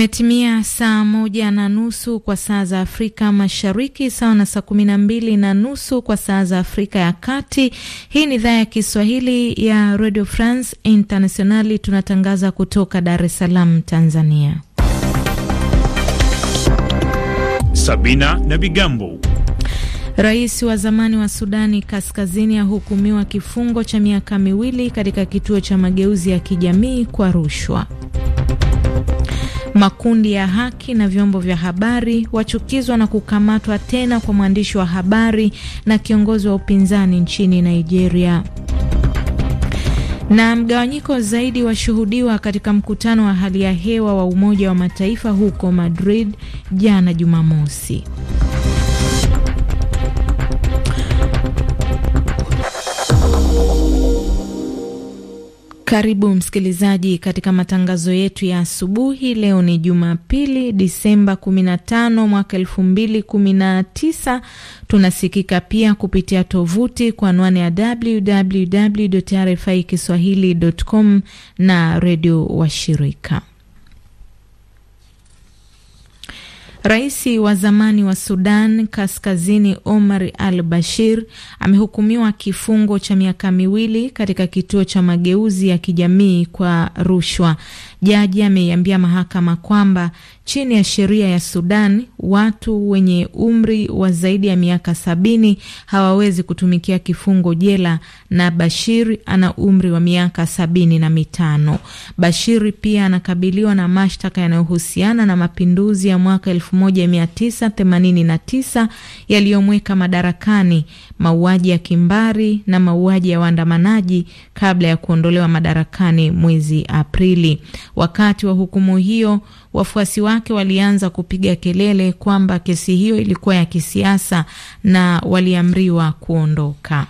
Imetimia saa moja na nusu kwa saa za Afrika Mashariki, sawa na saa kumi na mbili na nusu kwa saa za Afrika ya Kati. Hii ni idhaa ya Kiswahili ya Radio France Internationali, tunatangaza kutoka Dar es Salaam, Tanzania. Sabina na Bigambo. Rais wa zamani wa Sudani Kaskazini ahukumiwa kifungo cha miaka miwili katika kituo cha mageuzi ya kijamii kwa rushwa. Makundi ya haki na vyombo vya habari wachukizwa na kukamatwa tena kwa mwandishi wa habari na kiongozi wa upinzani nchini Nigeria. Na mgawanyiko zaidi washuhudiwa katika mkutano wa hali ya hewa wa Umoja wa Mataifa huko Madrid jana Jumamosi. Karibu msikilizaji katika matangazo yetu ya asubuhi. Leo ni Jumapili, Disemba 15 mwaka 2019. Tunasikika pia kupitia tovuti kwa anwani ya www RFI kiswahili.com na redio washirika. Rais wa zamani wa Sudan Kaskazini Omar al Bashir amehukumiwa kifungo cha miaka miwili katika kituo cha mageuzi ya kijamii kwa rushwa. Jaji ameiambia mahakama kwamba chini ya sheria ya Sudan watu wenye umri wa zaidi ya miaka sabini hawawezi kutumikia kifungo jela, na Bashir ana umri wa miaka sabini na mitano. Bashir pia anakabiliwa na mashtaka yanayohusiana na mapinduzi ya mwaka 1989 yaliyomweka madarakani, mauaji ya kimbari na mauaji ya waandamanaji kabla ya kuondolewa madarakani mwezi Aprili. Wakati wa hukumu hiyo, wafuasi wake walianza kupiga kelele kwamba kesi hiyo ilikuwa ya kisiasa na waliamriwa kuondoka.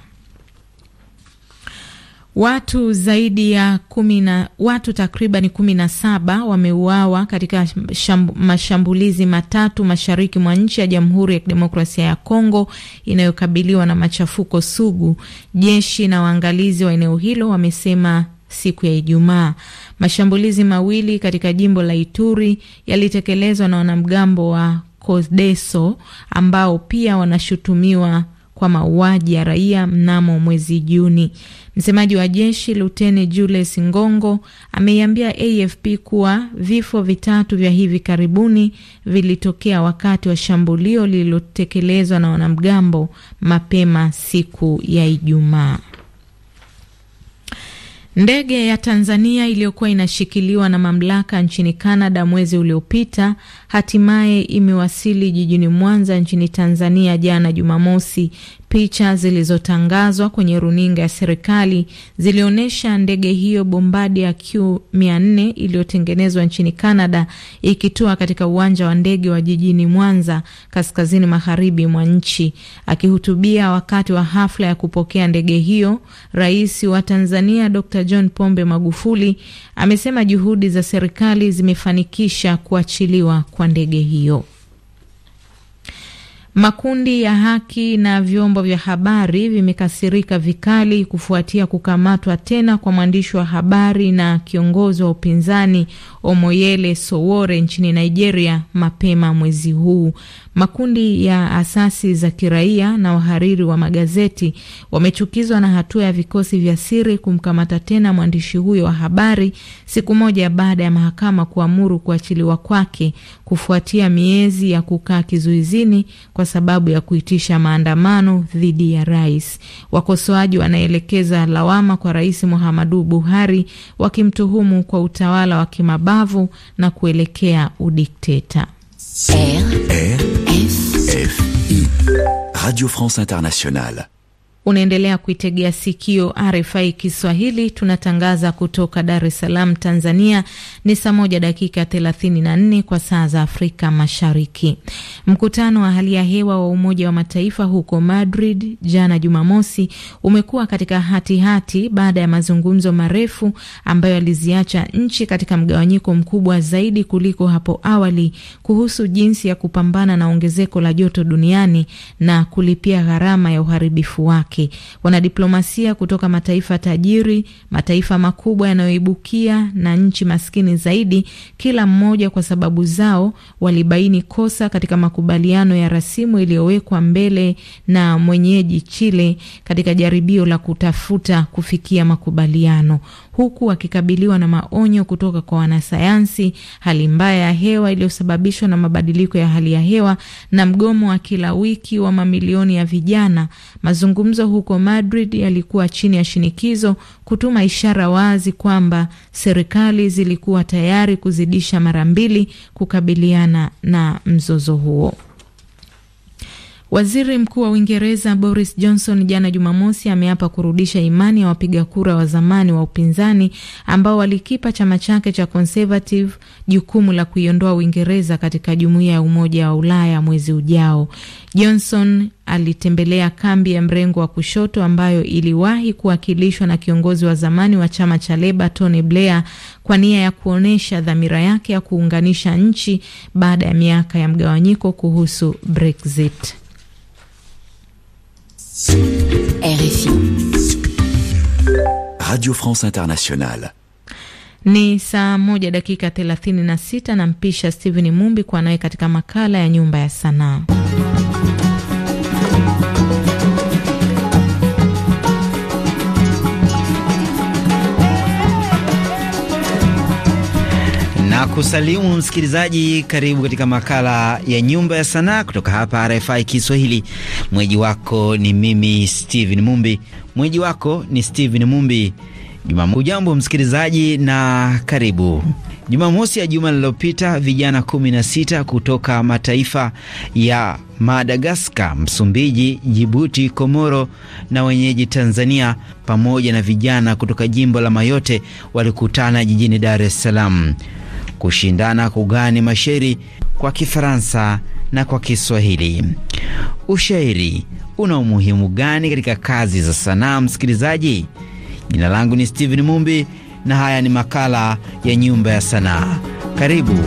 Watu zaidi ya kumi na watu takriban kumi na saba wameuawa katika shambu, mashambulizi matatu mashariki mwa nchi ya Jamhuri ya Kidemokrasia ya Kongo inayokabiliwa na machafuko sugu. Jeshi na waangalizi wa eneo hilo wamesema siku ya Ijumaa. Mashambulizi mawili katika jimbo la Ituri yalitekelezwa na wanamgambo wa Kodeso ambao pia wanashutumiwa kwa mauaji ya raia mnamo mwezi Juni. Msemaji wa jeshi Luteni Julius Ngongo ameiambia AFP kuwa vifo vitatu vya hivi karibuni vilitokea wakati wa shambulio lililotekelezwa na wanamgambo mapema siku ya Ijumaa. Ndege ya Tanzania iliyokuwa inashikiliwa na mamlaka nchini Kanada mwezi uliopita hatimaye imewasili jijini Mwanza nchini Tanzania jana Jumamosi, Picha zilizotangazwa kwenye runinga ya serikali zilionyesha ndege hiyo bombadi ya Q400 iliyotengenezwa nchini Canada ikitua katika uwanja wa ndege wa jijini Mwanza, kaskazini magharibi mwa nchi. Akihutubia wakati wa hafla ya kupokea ndege hiyo, Rais wa Tanzania Dr. John Pombe Magufuli amesema juhudi za serikali zimefanikisha kuachiliwa kwa ndege hiyo. Makundi ya haki na vyombo vya habari vimekasirika vikali kufuatia kukamatwa tena kwa mwandishi wa habari na kiongozi wa upinzani Omoyele Sowore nchini Nigeria mapema mwezi huu. Makundi ya asasi za kiraia na wahariri wa magazeti wamechukizwa na hatua ya vikosi vya siri kumkamata tena mwandishi huyo wa habari siku moja baada ya mahakama kuamuru kuachiliwa kwake kufuatia miezi ya kukaa kizuizini kwa sababu ya kuitisha maandamano dhidi ya rais. Wakosoaji wanaelekeza lawama kwa Rais Muhammadu Buhari, wakimtuhumu kwa utawala wa kimabavu na kuelekea udikteta. Radio France Internationale. Unaendelea kuitegea sikio RFI Kiswahili, tunatangaza kutoka Dar es Salaam, Tanzania. Ni saa moja dakika 34 kwa saa za Afrika Mashariki. Mkutano wa hali ya hewa wa Umoja wa Mataifa huko Madrid jana Jumamosi umekuwa katika hatihati hati baada ya mazungumzo marefu ambayo yaliziacha nchi katika mgawanyiko mkubwa zaidi kuliko hapo awali kuhusu jinsi ya kupambana na ongezeko la joto duniani na kulipia gharama ya uharibifu wake wake. Wanadiplomasia kutoka mataifa tajiri, mataifa makubwa yanayoibukia na nchi maskini zaidi, kila mmoja kwa sababu zao, walibaini kosa katika makubaliano ya rasimu iliyowekwa mbele na mwenyeji Chile katika jaribio la kutafuta kufikia makubaliano huku akikabiliwa na maonyo kutoka kwa wanasayansi, hali mbaya ya hewa iliyosababishwa na mabadiliko ya hali ya hewa na mgomo wa kila wiki wa mamilioni ya vijana. Mazungumzo huko Madrid yalikuwa chini ya shinikizo kutuma ishara wazi kwamba serikali zilikuwa tayari kuzidisha mara mbili kukabiliana na mzozo huo. Waziri Mkuu wa Uingereza Boris Johnson jana Jumamosi ameapa kurudisha imani ya wapiga kura wa zamani wa upinzani ambao walikipa chama chake cha Conservative jukumu la kuiondoa Uingereza katika jumuiya ya Umoja wa Ulaya mwezi ujao. Johnson alitembelea kambi ya mrengo wa kushoto ambayo iliwahi kuwakilishwa na kiongozi wa zamani wa chama cha Leba Tony Blair kwa nia ya kuonyesha dhamira yake ya kuunganisha nchi baada ya miaka ya mgawanyiko kuhusu Brexit. RFI. Radio France Internationale. Ni saa moja dakika 36 na mpisha Steven Mumbi kwa naye katika makala ya nyumba ya sanaa nakusalimu kusalimu msikilizaji, karibu katika makala ya Nyumba ya Sanaa kutoka hapa RFI Kiswahili. Mweji wako ni mimi Steven Mumbi, mweji wako ni Steven Mumbi. Ujambo msikilizaji na karibu. Jumamosi ya juma lililopita vijana 16 kutoka mataifa ya Madagaskar, Msumbiji, Jibuti, Komoro na wenyeji Tanzania pamoja na vijana kutoka jimbo la Mayote walikutana jijini Dar es Salaam kushindana kugani mashairi kwa Kifaransa na kwa Kiswahili. Ushairi una umuhimu gani katika kazi za sanaa, msikilizaji? Jina langu ni Steven Mumbi na haya ni makala ya Nyumba ya Sanaa. Karibu.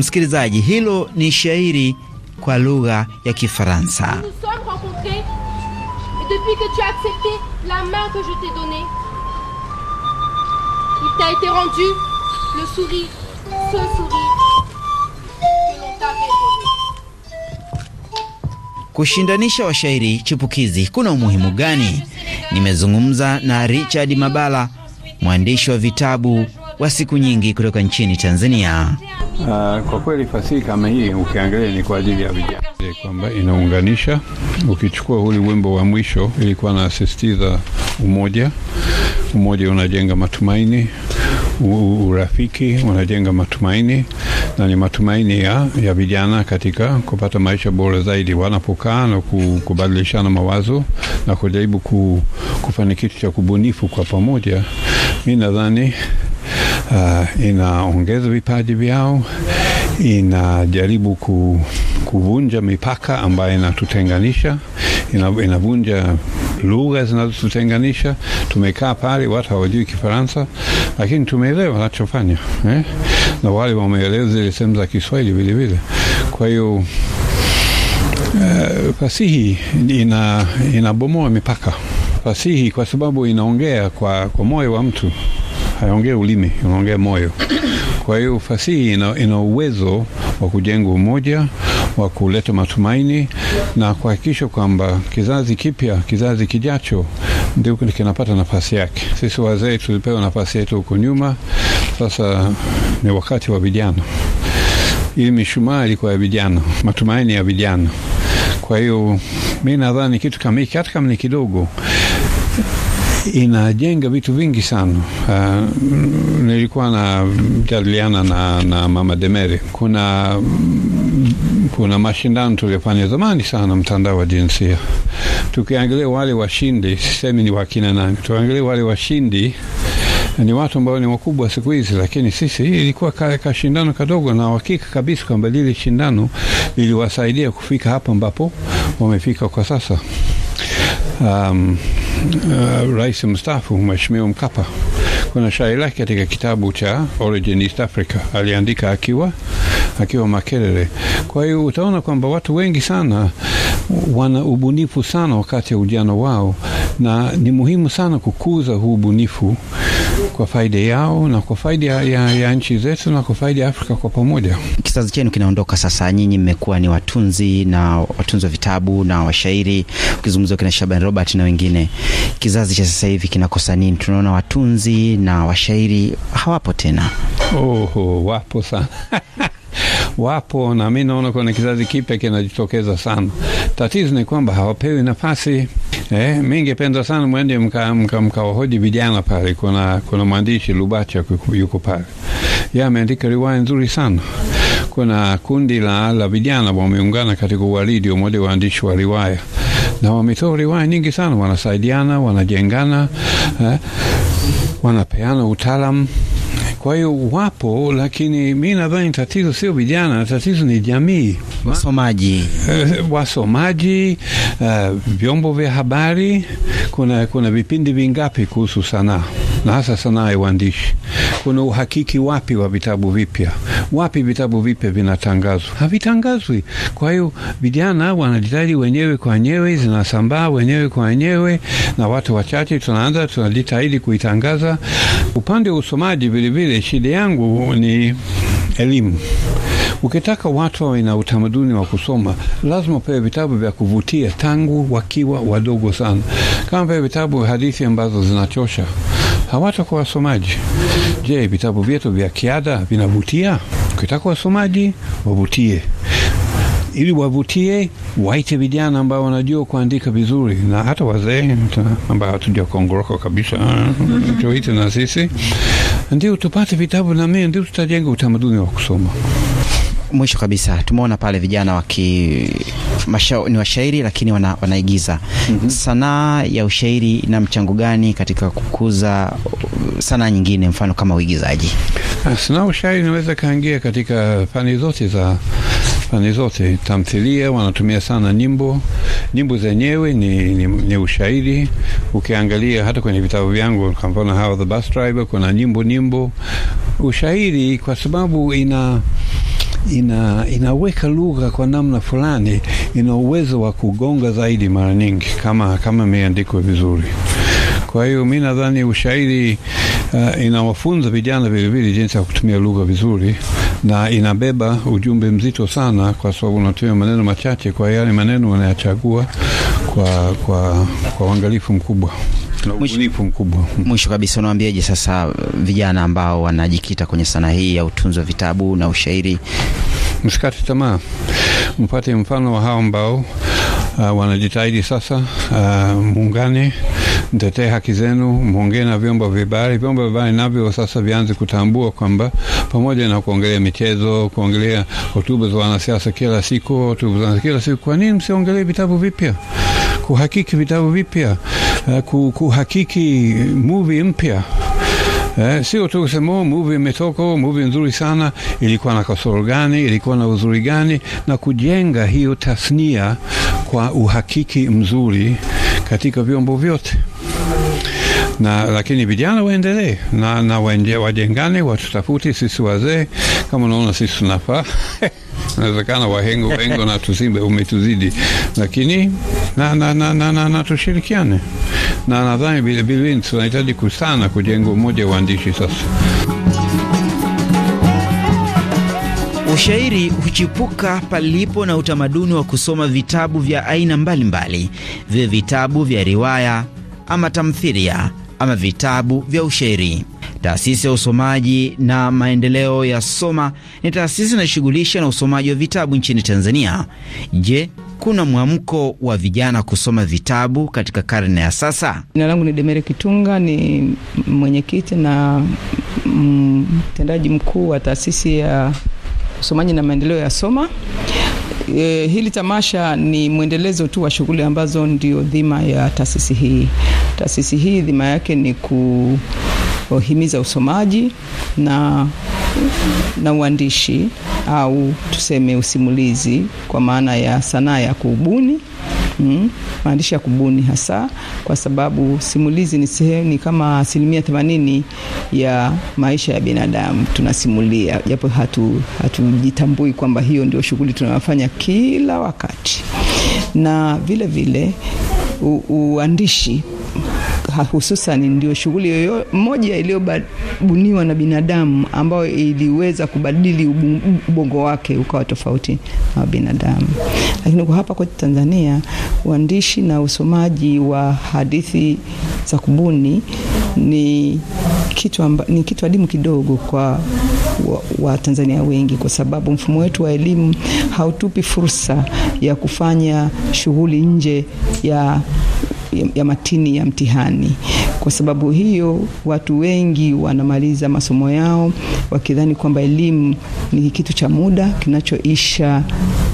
Msikilizaji, hilo ni shairi kwa lugha ya Kifaransa. Kushindanisha washairi chipukizi kuna umuhimu gani? Nimezungumza na Richard Mabala, mwandishi wa vitabu wa siku nyingi kutoka nchini Tanzania. Uh, kwa kweli fasihi kama hii ukiangalia ni kwa ajili ya vijana, kwamba inaunganisha. Ukichukua huli wimbo wa mwisho, ilikuwa nasisitiza umoja. Umoja unajenga matumaini, urafiki unajenga matumaini, na ni matumaini ya, ya vijana katika kupata maisha bora zaidi wanapokaa na kubadilishana mawazo na kujaribu ku, kufanya kitu cha kubunifu kwa pamoja. Mi nadhani uh, inaongeza vipaji vyao, inajaribu ku, kuvunja mipaka ambayo inatutenganisha, inavunja lugha zinazotutenganisha. Tumekaa pale, watu hawajui Kifaransa, lakini tumeelewa wanachofanya eh? na wale wameelewa zile sehemu za Kiswahili vilevile. Kwa hiyo Uh, fasihi ina inabomoa mipaka. Fasihi kwa sababu inaongea kwa, kwa moyo wa mtu haongee ulimi, unaongea moyo. Kwa hiyo fasihi ina, ina uwezo wa kujenga umoja wa kuleta matumaini na kuhakikisha kwamba kizazi kipya, kizazi kijacho ndio kinapata nafasi yake. Sisi wazee tulipewa nafasi yetu huko nyuma, sasa ni wakati wa vijana. Hii mishumaa ilikuwa ya vijana, matumaini ya vijana. Kwa hiyo mi nadhani kitu kama hiki, hata kama ni kidogo, inajenga vitu vingi sana. Uh, nilikuwa na jadiliana na, na mama Demeri, kuna kuna mashindano tuliofanya zamani sana mtandao wa jinsia, tukiangalia wale washindi, sisemi ni wakina nani, tuangalia wale washindi ni watu ambao ni wakubwa siku hizi, lakini sisi ilikuwa ka, ka shindano kadogo, na uhakika kabisa kwamba lile shindano liliwasaidia kufika hapa ambapo wamefika kwa sasa. Um, uh, rais mstaafu Mheshimiwa Mkapa. Kuna shairi lake katika kitabu cha Origin East Africa aliandika akiwa akiwa Makerere. Kwa hiyo utaona kwamba watu wengi sana wana ubunifu sana wakati ya ujana wao, na ni muhimu sana kukuza huu ubunifu kwa faida yao na kwa faida ya, ya nchi zetu na kwa faida ya Afrika kwa pamoja. Kizazi chenu kinaondoka sasa, nyinyi mmekuwa ni watunzi na watunzi wa vitabu na washairi, ukizungumzia kina Shaban Robert na wengine. Kizazi cha sasa hivi kinakosa nini? Tunaona watunzi na washairi hawapo tena. Oho, wapo sana wapo na mi naona kuna kizazi kipya kinajitokeza sana. Tatizo ni kwamba hawapewi nafasi. Eh, mingependa sana mwende mkawahoji mka, mka vijana pale. Kuna, kuna mwandishi Lubacha yuko pale, yeye ameandika riwaya nzuri sana. Kuna kundi la la vijana wameungana katika uwalidi umoja wa waandishi wa riwaya na wametoa riwaya nyingi sana, wanasaidiana, wanajengana eh, wanapeana utaalamu kwa hiyo wapo, lakini mi nadhani tatizo sio vijana, tatizo ni jamii, wasomaji uh, wasomaji uh, vyombo vya habari. Kuna kuna vipindi vingapi kuhusu sanaa na hasa sanaa ya uandishi? kuna uhakiki wapi wa vitabu vipya? Wapi vitabu vipya vinatangazwa? Havitangazwi. Kwa hiyo vijana wanajitahidi wenyewe kwa wenyewe, zinasambaa wenyewe kwa wenyewe na watu wachache, tunaanza tunajitahidi kuitangaza. Upande wa usomaji vilevile, shida yangu ni elimu. Ukitaka watu wawe na utamaduni wa kusoma, lazima wapewe vitabu vya kuvutia tangu wakiwa wadogo sana. Kama vile vitabu hadithi ambazo zinachosha, hawatakuwa wasomaji. Je, vitabu vyetu vya kiada vinavutia? Ukitaka wasomaji wavutie ili wavutie, waite vijana ambao wanajua kuandika vizuri na hata wazee ambao hatujakongoroka kabisa, tuite na sisi, ndio tupate vitabu na mimi, ndio tutajenga utamaduni wa kusoma mwisho kabisa tumeona pale vijana waki masha, ni washairi lakini wana, wanaigiza mm -hmm. Sanaa ya ushairi ina mchango gani katika kukuza uh, sanaa nyingine, mfano kama uigizaji? Ah, sanaa ushairi inaweza kaingia katika fani zote za fani zote. Tamthilia wanatumia sana nyimbo, nyimbo zenyewe ni, ni, ni ushairi. Ukiangalia hata kwenye vitabu vyangu, kwa mfano How the Bus Driver, kuna nyimbo nyimbo ushairi, kwa sababu ina ina, inaweka lugha kwa namna fulani, ina uwezo wa kugonga zaidi mara nyingi kama kama imeandikwa vizuri. Kwa hiyo mi nadhani ushairi uh, inawafunza vijana vilevile jinsi ya kutumia lugha vizuri, na inabeba ujumbe mzito sana, kwa sababu unatumia maneno machache, kwa yale maneno wanayachagua kwa, kwa, kwa uangalifu mkubwa na ubunifu mkubwa. Mwisho kabisa, unawaambiaje sasa uh, vijana ambao wanajikita kwenye sanaa hii ya utunzi wa vitabu na ushairi? Msikate tamaa, mpate mfano wa hao ambao uh, wanajitahidi sasa. Uh, muungane mtetee haki zenu, mwongee na vyombo vya habari. Vyombo vya habari navyo sasa vianze kutambua kwamba pamoja na kuongelea michezo, kuongelea hotuba za wanasiasa kila siku, hotuba za kila siku, kwa nini msiongelee vitabu vipya? kuhakiki vitabu vipya, eh, kuhakiki muvi mpya. Eh, sio tu kusema oh, muvi imetoka, oh, muvi nzuri sana, ilikuwa na kasoro gani, ilikuwa na uzuri gani, na kujenga hiyo tasnia kwa uhakiki mzuri katika vyombo vyote na lakini vijana waendelee na, na wajengane, watutafuti sisi wazee, kama unaona sisi tunafaa nawezekana wahengo hengo na tusimbe umetuzidi, lakini na, na, na, na, na, na tushirikiane, na nadhani vilevile tunahitaji kusana kujenga umoja waandishi sasa. Ushairi huchipuka palipo na utamaduni wa kusoma vitabu vya aina mbalimbali, vya vitabu vya riwaya ama tamthilia ama vitabu vya ushairi. Taasisi ya usomaji na maendeleo ya Soma ni taasisi inayoshughulisha na usomaji wa vitabu nchini Tanzania. Je, kuna mwamko wa vijana kusoma vitabu katika karne ya sasa? Jina langu ni Demere Kitunga, ni mwenyekiti na mtendaji mkuu wa taasisi ya usomaji na maendeleo ya Soma. E, hili tamasha ni mwendelezo tu wa shughuli ambazo ndio dhima ya taasisi hii. Taasisi hii dhima yake ni ku kuhimiza usomaji na, na uandishi au tuseme usimulizi kwa maana ya sanaa ya kubuni Mm, maandishi ya kubuni hasa kwa sababu simulizi ni sehemu, ni kama asilimia themanini ya maisha ya binadamu tunasimulia, japo hatu hatujitambui kwamba hiyo ndio shughuli tunayofanya kila wakati, na vile vile u, uandishi hususan ndio shughuli moja iliyobuniwa na binadamu ambayo iliweza kubadili ubongo wake ukawa tofauti na binadamu. Lakini kwa hapa kwetu Tanzania, uandishi na usomaji wa hadithi za kubuni ni kitu, amba, ni kitu adimu kidogo kwa Watanzania wa wengi kwa sababu mfumo wetu wa elimu hautupi fursa ya kufanya shughuli nje ya ya matini ya mtihani. Kwa sababu hiyo, watu wengi wanamaliza masomo yao wakidhani kwamba elimu ni kitu cha muda kinachoisha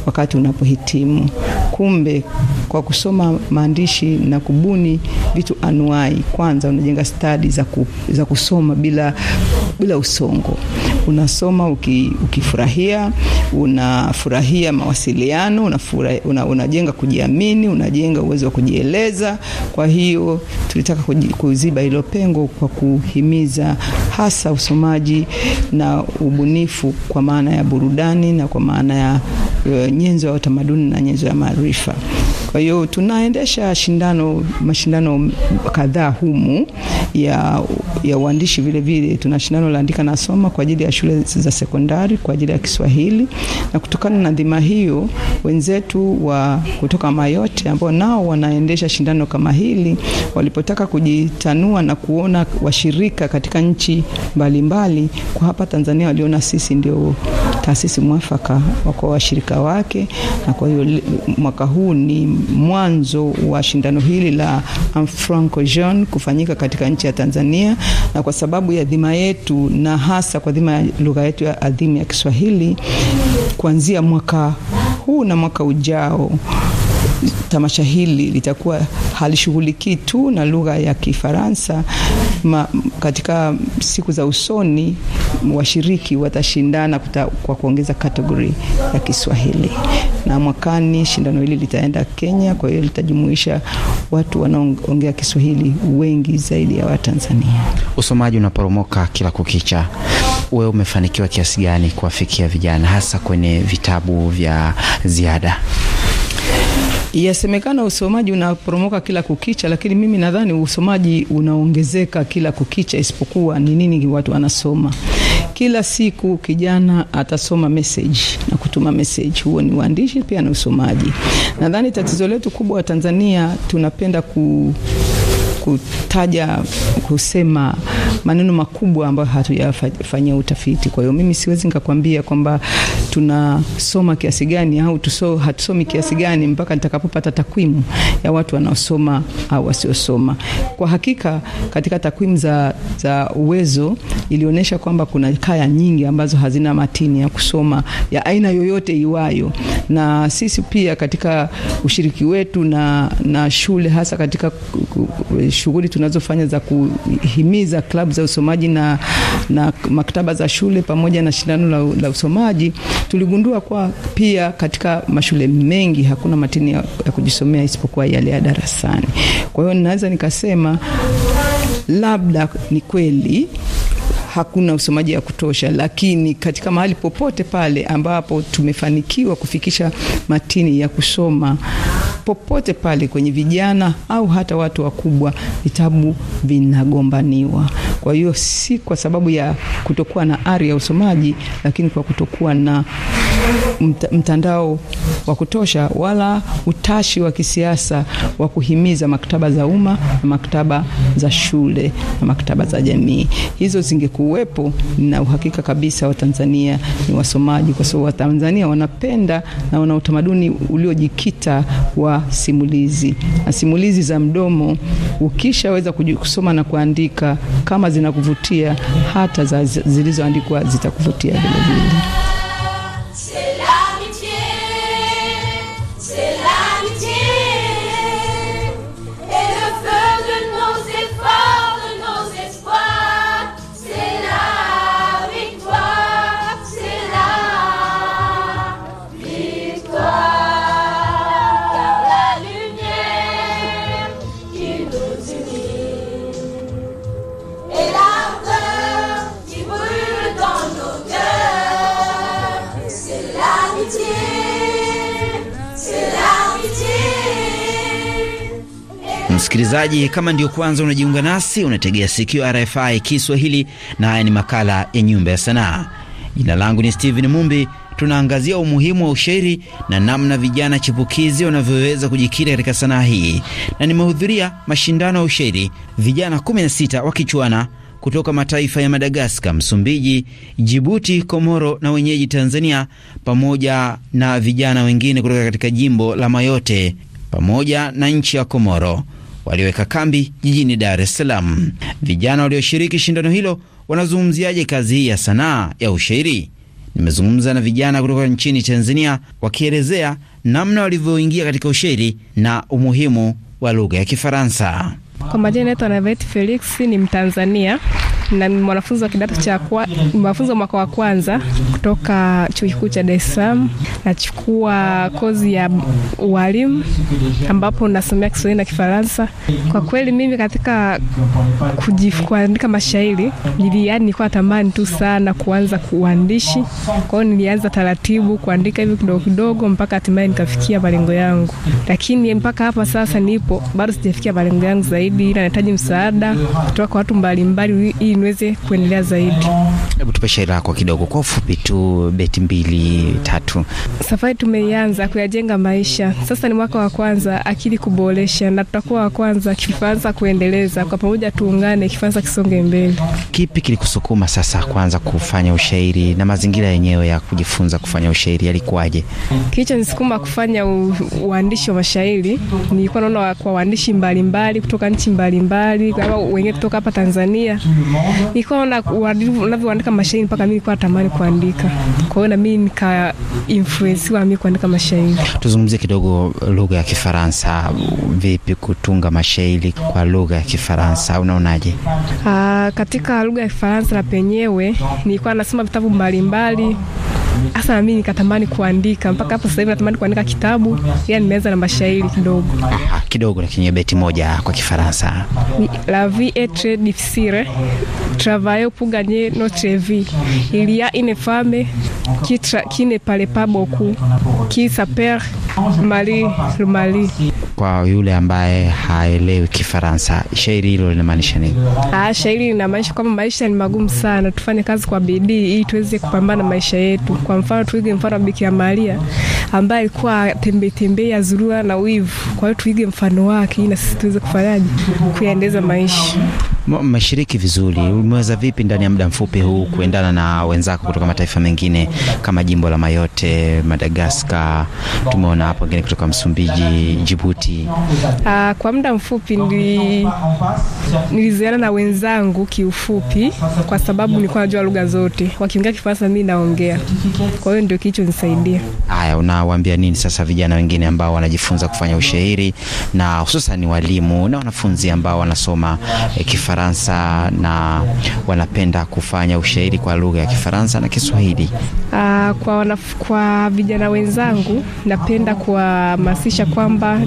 wakati unapohitimu, Kumbe kwa kusoma maandishi na kubuni vitu anuai, kwanza unajenga stadi za, ku, za kusoma bila, bila usongo. Unasoma uki, ukifurahia, unafurahia mawasiliano, unajenga una, unajenga kujiamini, unajenga uwezo wa kujieleza. Kwa hiyo tulitaka kuziba hilo pengo kwa kuhimiza hasa usomaji na ubunifu kwa maana ya burudani na kwa maana ya uh, nyenzo ya utamaduni na nyenzo ya maarifa taarifa. Kwa hiyo tunaendesha shindano, mashindano kadhaa humu ya ya uandishi vile vile, tuna shindano la andika na soma kwa ajili ya shule za sekondari kwa ajili ya Kiswahili, na kutokana na dhima hiyo wenzetu wa kutoka Mayote ambao nao wanaendesha shindano kama hili walipotaka kujitanua na kuona washirika katika nchi mbalimbali mbali, kwa hapa Tanzania waliona sisi ndio taasisi mwafaka wako washirika wake, na kwa hiyo mwaka huu ni mwanzo wa shindano hili la franco Jean kufanyika katika nchi ya Tanzania, na kwa sababu ya dhima yetu na hasa kwa dhima ya lugha yetu ya adhimu ya Kiswahili, kuanzia mwaka huu na mwaka ujao tamasha hili litakuwa halishughulikii tu na lugha ya Kifaransa ma, katika siku za usoni washiriki watashindana kuta, kwa kuongeza kategori ya Kiswahili, na mwakani shindano hili litaenda Kenya, kwa hiyo litajumuisha watu wanaoongea Kiswahili wengi zaidi ya Watanzania. Usomaji unaporomoka kila kukicha. Wewe umefanikiwa kiasi gani kuwafikia vijana hasa kwenye vitabu vya ziada? Yasemekana usomaji unaporomoka kila kukicha, lakini mimi nadhani usomaji unaongezeka kila kukicha, isipokuwa ni nini watu wanasoma kila siku. Kijana atasoma message na kutuma message, huo ni uandishi pia na usomaji. Nadhani tatizo letu kubwa wa Tanzania tunapenda ku kutaja kusema maneno makubwa ambayo hatujafanyia utafiti. Kwa hiyo mimi siwezi nikakwambia kwamba tunasoma kiasi gani au tuso, hatusomi kiasi gani mpaka nitakapopata takwimu ya watu wanaosoma au wasiosoma. Kwa hakika katika takwimu za, za uwezo ilionyesha kwamba kuna kaya nyingi ambazo hazina matini ya kusoma ya aina yoyote iwayo, na sisi pia katika ushiriki wetu na, na shule hasa katika shughuli tunazofanya za kuhimiza klabu za usomaji na, na maktaba za shule pamoja na shindano la, la usomaji Tuligundua kwa pia katika mashule mengi hakuna matini ya, ya kujisomea isipokuwa yale ya darasani. Kwa hiyo ninaweza nikasema labda ni kweli hakuna usomaji wa kutosha, lakini katika mahali popote pale ambapo tumefanikiwa kufikisha matini ya kusoma popote pale, kwenye vijana au hata watu wakubwa, vitabu vinagombaniwa. Kwa hiyo si kwa sababu ya kutokuwa na ari ya usomaji, lakini kwa kutokuwa na mtandao wa kutosha wala utashi wa kisiasa wa kuhimiza maktaba za umma na maktaba za shule na maktaba za jamii. Hizo zingekuwepo, na uhakika kabisa Watanzania ni wasomaji, kwa sababu Watanzania wanapenda na wana utamaduni uliojikita wa simulizi, na simulizi za mdomo ukishaweza kusoma na kuandika, kama zinakuvutia, hata zilizoandikwa zitakuvutia vilevile. Msikilizaji, kama ndio kwanza unajiunga nasi, unategea sikio RFI Kiswahili na haya ni makala ya Nyumba ya Sanaa. Jina langu ni Steven Mumbi. Tunaangazia umuhimu wa ushairi na namna vijana chipukizi wanavyoweza kujikita katika sanaa hii, na nimehudhuria mashindano ya ushairi vijana 16 wakichuana kutoka mataifa ya Madagaskar, Msumbiji, Jibuti, Komoro na wenyeji Tanzania, pamoja na vijana wengine kutoka katika jimbo la Mayote pamoja na nchi ya Komoro walioweka kambi jijini Dar es Salaam. Vijana walioshiriki shindano hilo wanazungumziaje kazi hii ya sanaa ya ushairi? Nimezungumza na vijana kutoka nchini Tanzania wakielezea namna walivyoingia katika ushairi na umuhimu wa lugha ya Kifaransa. Kwa majina naitwa Navet Felix, ni Mtanzania na ni mwanafunzi wa kidato cha mwanafunzi wa mwaka wa kwanza kutoka chuo kikuu cha Dar es Salaam. Nachukua kozi ya ualimu ambapo nasomea Kiswahili na Kifaransa. Kwa kweli mimi katika kuandika mashairi nili, yani nilikuwa tamani tu sana kuanza kuandishi, kwa hiyo nilianza taratibu kuandika hivi kidogo kidogo mpaka hatimaye nikafikia malengo yangu, lakini mpaka hapa sasa nipo bado sijafikia malengo yangu zaidi, ila nahitaji msaada kutoka kwa watu mbalimbali ili niweze kuendelea zaidi. Hebu tupe shairi lako kidogo kwa ufupi tu, beti mbili tatu. Safari tumeianza kuyajenga maisha, sasa ni mwaka wa kwanza, akili kuboresha, na tutakuwa wa kwanza, Kifaransa kuendeleza. Kwa pamoja tuungane, Kifaransa kisonge mbele. Kipi kilikusukuma sasa kwanza kufanya ushairi na mazingira yenyewe ya kujifunza kufanya ushairi yalikuwaje? nisukuma kufanya uandishi wa mashairi, nilikuwa naona kwa waandishi mbalimbali kutoka nchi mbalimbali, wengine kutoka hapa Tanzania, nilikuwa naona kuandika mashairi mpaka mimi nilikuwa natamani kuandika. Kwa hiyo na mimi nika influensiwa mimi kuandika mashairi. Tuzungumzie kidogo lugha ya Kifaransa, vipi kutunga mashairi kwa lugha ya Kifaransa, unaonaje? Ah, katika lugha ya Kifaransa na penyewe nilikuwa nasoma vitabu mbalimbali hasa nami nikatamani kuandika mpaka hapo sasa hivi natamani kuandika kitabu, ila yaani nimeanza na mashairi kidogo Aha, kidogo, lakini beti moja kwa Kifaransa, la vie est tres difficile travailler pour gagner notre vie il y a une femme qui, qui ne parle pas beaucoup qui s'appelle Mali, Mali. Kwa yule ambaye haelewi Kifaransa, shairi hilo linamaanisha nini? Ah, shairi linamaanisha kwamba maisha ni magumu sana, tufanye kazi kwa bidii ili tuweze kupambana maisha yetu. Kwa mfano, tuige mfano wa Bikira Maria ambaye alikuwa tembe tembe ya zurua na wivu. Kwa hiyo tuige mfano wake ili na sisi tuweze kufanyaje kuyaendeza maisha mmeshiriki vizuri. Umeweza vipi ndani ya muda mfupi huu kuendana na wenzako kutoka mataifa mengine kama jimbo la Mayote, Madagaskar, tumeona hapo wengine kutoka Msumbiji, Jibuti? Uh, kwa muda mfupi nili, nilizoeana na wenzangu kiufupi, kwa sababu nilikuwa najua lugha zote, wakiongea Kifaransa mi naongea, kwa hiyo ndio kilichonisaidia. Haya, unawaambia nini sasa vijana wengine ambao wanajifunza kufanya ushairi na hususan walimu na wanafunzi ambao wanasoma eh, Kifaransa Kifaransa na wanapenda kufanya ushairi kwa lugha ya Kifaransa na Kiswahili. Aa, ah, kwa, wanaf, kwa vijana wenzangu napenda kuhamasisha kwamba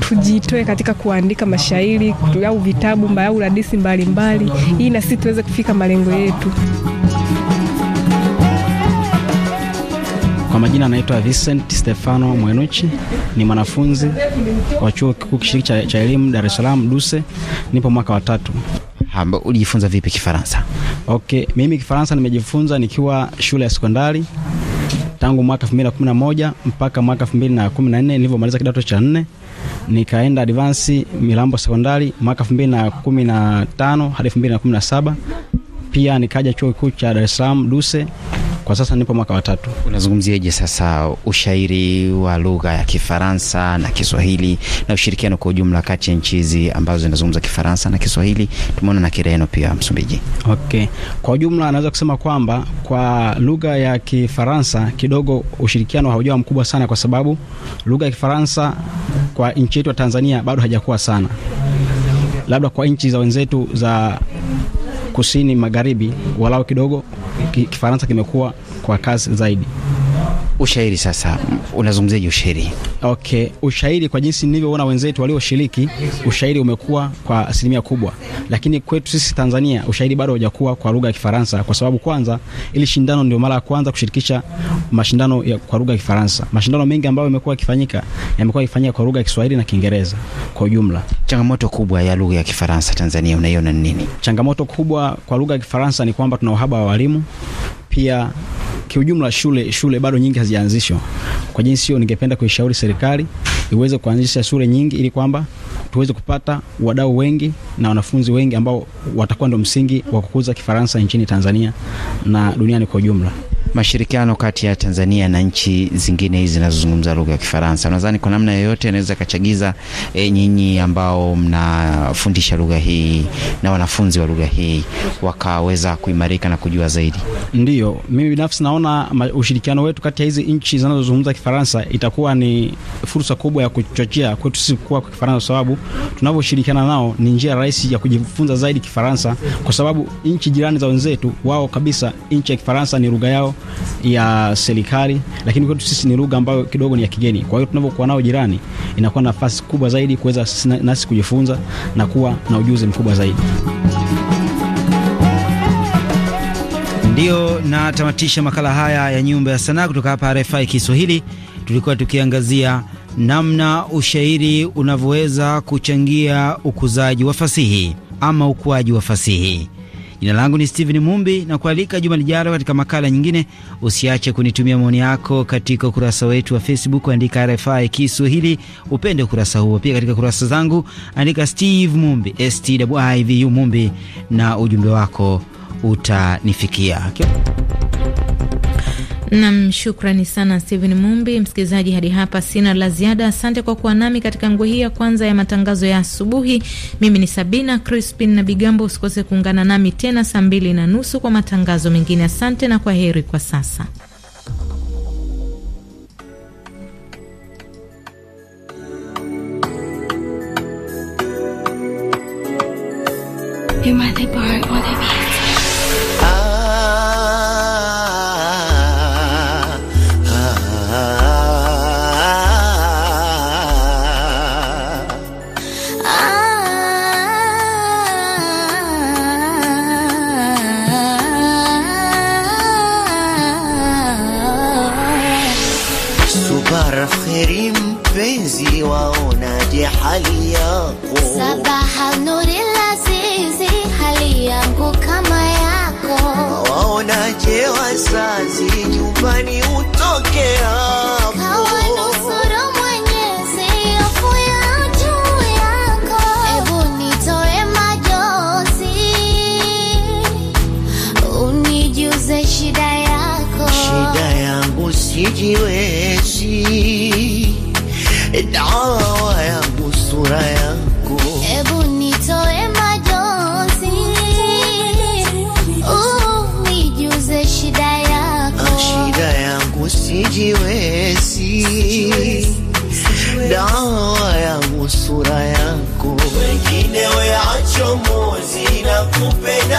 tujitoe katika kuandika mashairi au vitabu au radisi mbalimbali ili na sisi tuweze kufika malengo yetu. Kwa majina anaitwa Vincent Stefano Mwenuchi, ni mwanafunzi wa chuo kikuu kishiriki cha elimu Dar es Salaam DUSE, nipo mwaka wa tatu. Hamba, ulijifunza vipi Kifaransa? Okay, mimi Kifaransa nimejifunza nikiwa shule ya sekondari tangu mwaka 2011 mpaka mwaka 2014 nilivyomaliza kidato cha nne, nikaenda advance Milambo sekondari mwaka 2015 hadi 2017. Pia nikaja chuo kikuu cha Dar es Salaam Duse kwa sasa nipo mwaka watatu Unazungumziaje sasa ushairi wa lugha ya Kifaransa na Kiswahili na ushirikiano kwa ujumla kati ya nchi hizi ambazo zinazungumza Kifaransa na Kiswahili? Tumeona na Kireno pia Msumbiji. Okay. Kwa ujumla anaweza kusema kwamba kwa lugha ya Kifaransa kidogo ushirikiano haujawa mkubwa sana, kwa sababu lugha ya Kifaransa kwa nchi yetu ya Tanzania bado hajakuwa sana, labda kwa nchi za wenzetu za kusini magharibi, walao kidogo Kifaransa kimekuwa kwa kazi zaidi. Ushairi sasa, unazungumziaje ushairi? Okay, ushairi kwa jinsi nilivyoona wenzetu walioshiriki, ushairi umekuwa kwa asilimia kubwa, lakini kwetu sisi Tanzania ushairi bado haujakuwa kwa lugha ya Kifaransa, kwa sababu kwanza ili shindano ndio mara ya kwanza kushirikisha mashindano ya kwa lugha ya Kifaransa. Mashindano mengi ambayo yamekuwa yakifanyika yamekuwa yakifanyika kwa lugha ya Kiswahili na Kiingereza kwa ujumla. Changamoto kubwa ya lugha ya Kifaransa Tanzania unaiona nini? Changamoto kubwa kwa lugha ya Kifaransa ni kwamba tuna uhaba wa walimu pia kiujumla shule shule bado nyingi hazijaanzishwa. Kwa jinsi hiyo, ningependa kuishauri serikali iweze kuanzisha shule nyingi ili kwamba tuweze kupata wadau wengi na wanafunzi wengi ambao watakuwa ndio msingi wa kukuza Kifaransa nchini Tanzania na duniani kwa ujumla mashirikiano kati ya Tanzania na nchi zingine hizi zinazozungumza lugha ya Kifaransa, nadhani kwa namna yoyote anaweza kachagiza e, eh, nyinyi ambao mnafundisha lugha hii na wanafunzi wa lugha hii wakaweza kuimarika na kujua zaidi? Ndiyo, mimi binafsi naona ushirikiano wetu kati ya hizi nchi zinazozungumza Kifaransa itakuwa ni fursa kubwa ya kuchochea kwetu sisi kuwa kwa Kifaransa, kwa sababu tunavyoshirikiana nao ni njia rahisi ya kujifunza zaidi Kifaransa, kwa sababu nchi jirani za wenzetu wao kabisa, nchi ya Kifaransa ni lugha yao ya serikali, lakini kwetu sisi ni lugha ambayo kidogo ni ya kigeni. Kwa hiyo tunavyokuwa nao jirani, inakuwa nafasi kubwa zaidi kuweza nasi kujifunza na kuwa na ujuzi mkubwa zaidi. Ndiyo natamatisha makala haya ya Nyumba ya Sanaa kutoka hapa RFI Kiswahili. Tulikuwa tukiangazia namna ushairi unavyoweza kuchangia ukuzaji wa fasihi ama ukuaji wa fasihi. Jina langu ni Steven Mumbi na kualika juma lijalo katika makala nyingine. Usiache kunitumia maoni yako katika ukurasa wetu wa Facebook, andika RFI Kiswahili, upende ukurasa huo. Pia katika kurasa zangu andika Steve Mumbi, Stivu Mumbi, na ujumbe wako utanifikia. Nam, shukrani sana Steven Mumbi. Msikilizaji, hadi hapa sina la ziada. Asante kwa kuwa nami katika nguo hii ya kwanza ya matangazo ya asubuhi. Mimi ni Sabina Crispin na Bigambo. Usikose kuungana nami tena saa mbili na nusu kwa matangazo mengine. Asante na kwa heri kwa sasa. You hali yako. Sabaha Nuril Azizi, hali yangu kama yako. Waonaje wazazi, nyumbani utoke hapo. Kawanusuru Mwenyezi, hofu ya juu yako. Ebu nitoe majozi, unijuze shida yako. Shida yangu sijiwezi dawa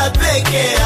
it.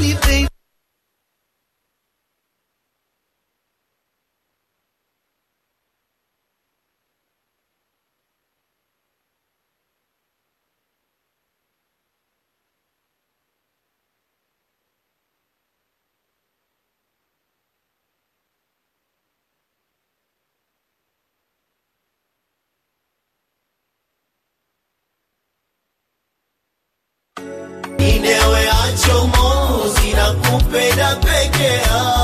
lhe bem upenda peke yao